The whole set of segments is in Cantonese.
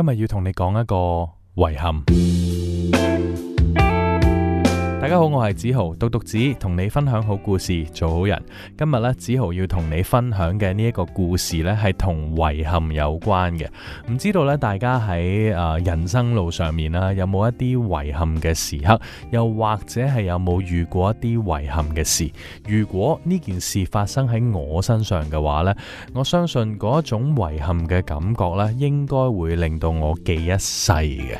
今日要同你講一個遺憾。大家好，我係梓豪，獨讀子同你分享好故事，做好人。今日咧，梓豪要同你分享嘅呢一個故事咧，係同遺憾有關嘅。唔知道咧，大家喺誒、呃、人生路上面啦，有冇一啲遺憾嘅時刻？又或者係有冇遇過一啲遺憾嘅事？如果呢件事發生喺我身上嘅話咧，我相信嗰一種遺憾嘅感覺咧，應該會令到我記一世嘅。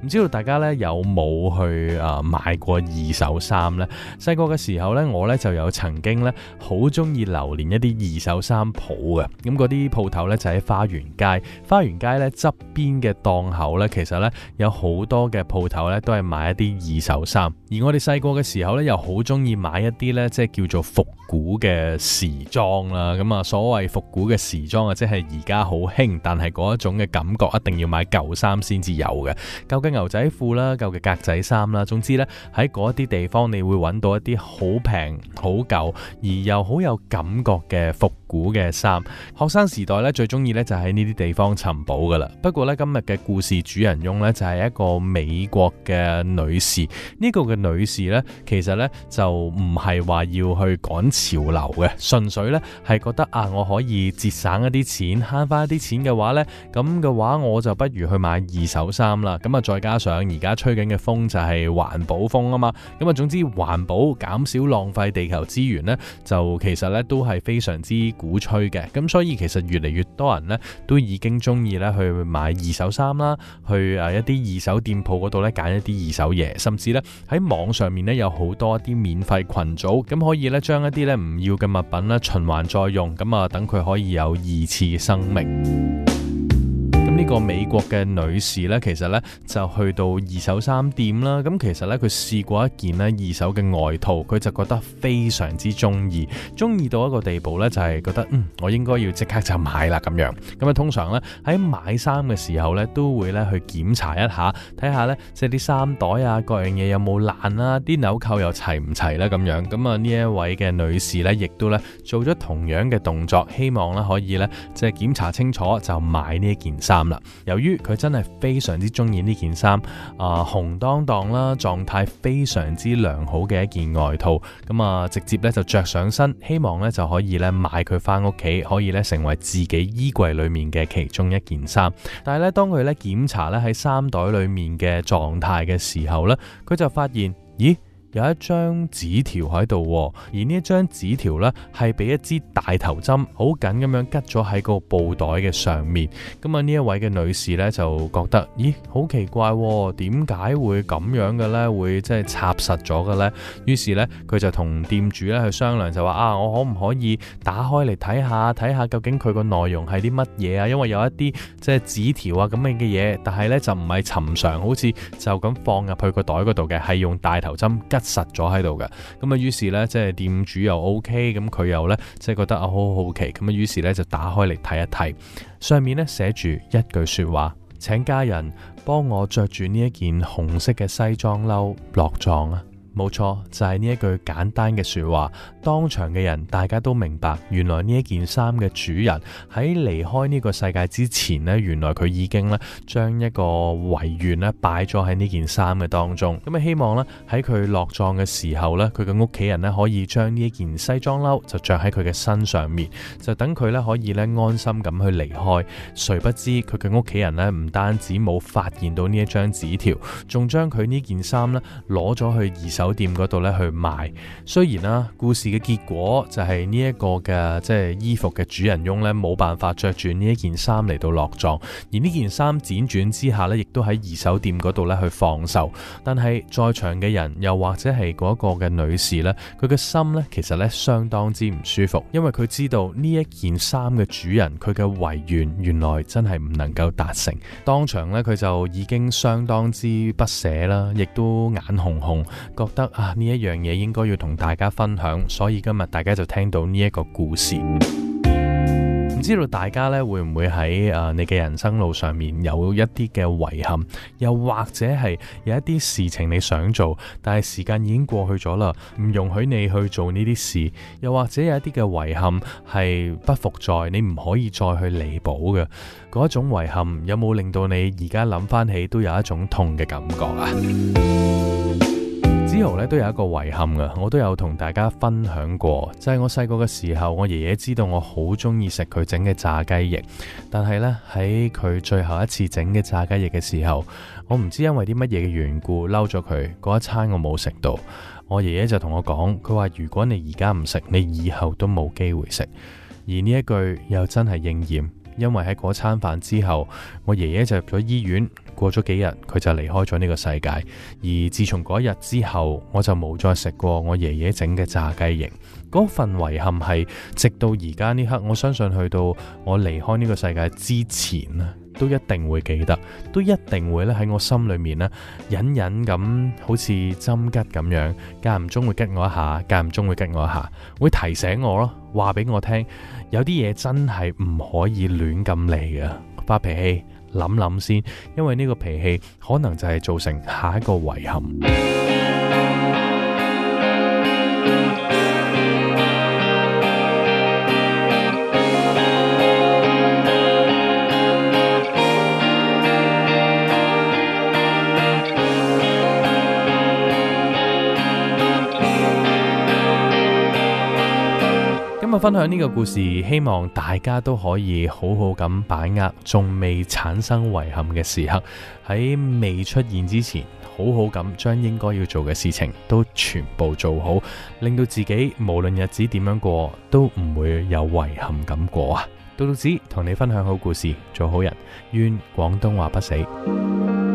唔知道大家咧有冇去誒、呃、買過二手衫呢，細個嘅時候呢，我呢就有曾經呢好中意流連一啲二手衫鋪嘅，咁嗰啲鋪頭呢就喺花園街，花園街呢側邊嘅檔口呢，其實呢有好多嘅鋪頭呢都係賣一啲二手衫，而我哋細個嘅時候呢，又好中意買一啲呢即係叫做復古嘅時裝啦，咁啊所謂復古嘅時裝啊，即係而家好興，但係嗰一種嘅感覺一定要買舊衫先至有嘅，舊嘅牛仔褲啦，舊嘅格仔衫啦，總之呢，喺一啲地方你會揾到一啲好平、好舊而又好有感覺嘅復古嘅衫。學生時代咧最中意呢，就喺呢啲地方尋寶噶啦。不過呢，今日嘅故事主人翁呢，就係一個美國嘅女士。呢個嘅女士呢，其實呢，就唔係話要去趕潮流嘅，純粹呢，係覺得啊我可以節省一啲錢，慳翻一啲錢嘅話呢，咁嘅話我就不如去買二手衫啦。咁啊再加上而家吹緊嘅風就係環保風啊嘛。咁啊，總之環保減少浪費地球資源呢，就其實呢都係非常之鼓吹嘅。咁所以其實越嚟越多人呢，都已經中意呢去買二手衫啦，去誒一啲二手店鋪嗰度呢，揀一啲二手嘢，甚至呢，喺網上面呢，有好多一啲免費群組，咁可以呢，將一啲呢唔要嘅物品呢，循環再用，咁啊等佢可以有二次生命。個美國嘅女士呢，其實呢就去到二手衫店啦。咁其實呢，佢試過一件呢二手嘅外套，佢就覺得非常之中意，中意到一個地步呢，就係、是、覺得嗯，我應該要即刻就買啦咁樣。咁啊，通常呢喺買衫嘅時候呢，都會呢去檢查一下，睇下呢即係啲衫袋啊各樣嘢有冇爛啦、啊，啲紐扣又齊唔齊啦咁樣。咁啊呢一位嘅女士呢，亦都呢做咗同樣嘅動作，希望呢可以呢即係、就是、檢查清楚就買呢一件衫啦。由於佢真係非常之中意呢件衫，啊、呃，紅當當啦，狀態非常之良好嘅一件外套，咁、呃、啊，直接咧就着上身，希望咧就可以咧買佢翻屋企，可以咧成為自己衣櫃裏面嘅其中一件衫。但係咧，當佢咧檢查咧喺衫袋裏面嘅狀態嘅時候咧，佢就發現，咦？有一張紙條喺度，而呢一張紙條呢係俾一支大頭針好緊咁樣吉咗喺個布袋嘅上面。咁啊呢一位嘅女士呢，就覺得，咦，好奇怪喎，點解會咁樣嘅呢？會即係插實咗嘅呢？於是呢，佢就同店主呢去商量，就話啊，我可唔可以打開嚟睇下，睇下究竟佢個內容係啲乜嘢啊？因為有一啲即係紙條啊咁樣嘅嘢，但係呢，就唔係尋常，好似就咁放入去個袋嗰度嘅，係用大頭針。實咗喺度噶，咁啊於是呢，即係店主又 OK，咁佢又呢，即係覺得啊好好奇，咁啊於是呢，就打開嚟睇一睇，上面呢，寫住一句說話，請家人幫我着住呢一件紅色嘅西裝褸落葬啊。冇錯，就係呢一句簡單嘅說話，當場嘅人大家都明白，原來呢一件衫嘅主人喺離開呢個世界之前呢，原來佢已經呢將一個遺願呢擺咗喺呢件衫嘅當中，咁啊希望呢，喺佢落葬嘅時候呢，佢嘅屋企人呢可以將呢一件西裝褸就着喺佢嘅身上面，就等佢呢可以呢安心咁去離開。誰不知佢嘅屋企人呢唔單止冇發現到呢一張紙條，仲將佢呢件衫呢攞咗去二手。酒店嗰度咧去賣，雖然啦，故事嘅結果就係呢一個嘅即係衣服嘅主人翁咧冇辦法着住呢一件衫嚟到落葬，而呢件衫輾轉之下咧，亦都喺二手店嗰度咧去放售。但係在場嘅人，又或者係嗰個嘅女士咧，佢嘅心咧其實咧相當之唔舒服，因為佢知道呢一件衫嘅主人佢嘅遺願原來真係唔能夠達成。當場咧佢就已經相當之不捨啦，亦都眼紅紅，覺得啊！呢一樣嘢應該要同大家分享，所以今日大家就聽到呢一個故事。唔知道大家呢會唔會喺啊、呃、你嘅人生路上面有一啲嘅遺憾，又或者係有一啲事情你想做，但係時間已經過去咗啦，唔容許你去做呢啲事，又或者有一啲嘅遺憾係不復在，你唔可以再去彌補嘅嗰種遺憾，有冇令到你而家諗翻起都有一種痛嘅感覺啊？呢都有一個遺憾㗎，我都有同大家分享過，就係我細個嘅時候，我爺爺知道我好中意食佢整嘅炸雞翼，但係呢，喺佢最後一次整嘅炸雞翼嘅時候，我唔知因為啲乜嘢嘅緣故嬲咗佢，嗰一餐我冇食到。我爺爺就同我講，佢話如果你而家唔食，你以後都冇機會食。而呢一句又真係應驗。因為喺嗰餐飯之後，我爺爺就入咗醫院，過咗幾日佢就離開咗呢個世界。而自從嗰一日之後，我就冇再食過我爺爺整嘅炸雞翼。嗰份遺憾係，直到而家呢刻，我相信去到我離開呢個世界之前啊。都一定會記得，都一定會咧喺我心裏面咧，隱隱咁好似針吉咁樣，間唔中會吉我一下，間唔中會吉我一下，會提醒我咯，話俾我聽，有啲嘢真係唔可以亂咁嚟㗎，發脾氣諗諗先，因為呢個脾氣可能就係造成下一個遺憾。分享呢個故事，希望大家都可以好好咁把握，仲未產生遺憾嘅時刻，喺未出現之前，好好咁將應該要做嘅事情都全部做好，令到自己無論日子點樣過，都唔會有遺憾咁過啊！獨讀子同你分享好故事，做好人，願廣東話不死。